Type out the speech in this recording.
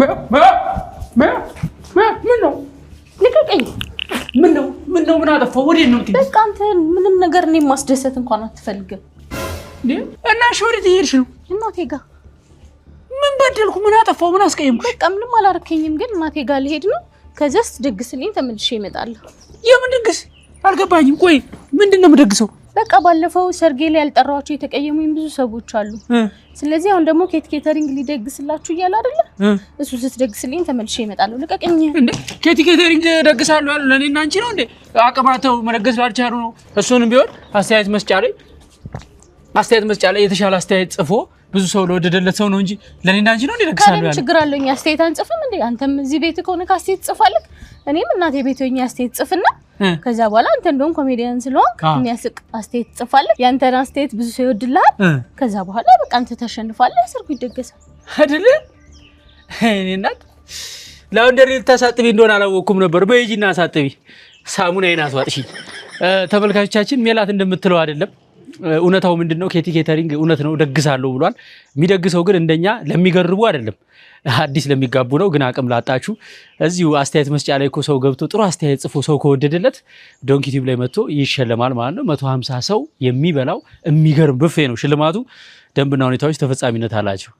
ምን ነው ልቀቀኝ። ምን ነው ምን ነው ምን ወዴት ነው? በቃ አንተ ምንም ነገር ማስደሰት እንኳን አትፈልግም። እና ወዴት እየሄድሽ ነው? እናቴ ጋ። ምን በደልኩ? ምን አጠፋሁ? ምን አስቀየምኩሽ? በቃ ምንም አላረከኝም፣ ግን እናቴ ጋ ልሄድ ነው። ከዚያስ ድግስልኝ፣ ተመልሼ እመጣለሁ። የምን ድግስ አልገባኝም። ቆይ ምንድን ነው የምደግሰው? በቃ ባለፈው ሰርጌ ላይ ያልጠራኋቸው የተቀየሙኝ ብዙ ሰዎች አሉ። ስለዚህ አሁን ደግሞ ኬት ኬተሪንግ ሊደግስላችሁ እያለ አይደለ? እሱ ስትደግስልኝ ተመልሼ እመጣለሁ። ልቀቅኝ። ኬት ኬተሪንግ ደግሳሉ አሉ። ለእኔ አንቺ ነው እንዴ? አቅማተው መደገስ ላልቻሉ ነው። እሱንም ቢሆን አስተያየት መስጫ ላይ አስተያየት መስጫ ላይ የተሻለ አስተያየት ጽፎ ብዙ ሰው ለወደደለት ሰው ነው እንጂ ለእኔ አንቺ ነው እንዴ? ደግሳሉ ያለ ችግር አለኝ። አስተያየት አንጽፍም እንዴ? አንተም እዚህ ቤት ከሆነ ከአስተያየት ጽፋለህ። እኔም እናቴ ቤት ሆኜ አስተያየት ጽፍና ከዛ በኋላ አንተ እንደውም ኮሜዲያን ስለሆንክ የሚያስቅ አስተያየት ትጽፋለህ። የአንተን አስተያየት ብዙ ሰው ይወድልሃል። ከዛ በኋላ በቃ አንተ ተሸንፋለህ፣ ሰርጉ ይደገሳል። አይደለ እኔ እናት ላውንደሪ ልታሳጥቢ እንደሆነ አላወቅኩም ነበር። በሂጂና አሳጥቢ፣ ሳሙናዬን አስዋጥሺ። ተመልካቾቻችን ሜላት እንደምትለው አይደለም እውነታው ምንድን ነው? ኬቲ ኬተሪንግ እውነት ነው ደግሳለሁ ብሏል። የሚደግሰው ግን እንደኛ ለሚገርቡ አይደለም፣ አዲስ ለሚጋቡ ነው። ግን አቅም ላጣችሁ እዚሁ አስተያየት መስጫ ላይ እኮ ሰው ገብቶ ጥሩ አስተያየት ጽፎ ሰው ከወደደለት ዶንኪ ቲዩብ ላይ መጥቶ ይሸለማል ማለት ነው። መቶ ሀምሳ ሰው የሚበላው የሚገርም ብፌ ነው። ሽልማቱ ደንብና ሁኔታዎች ተፈጻሚነት አላቸው።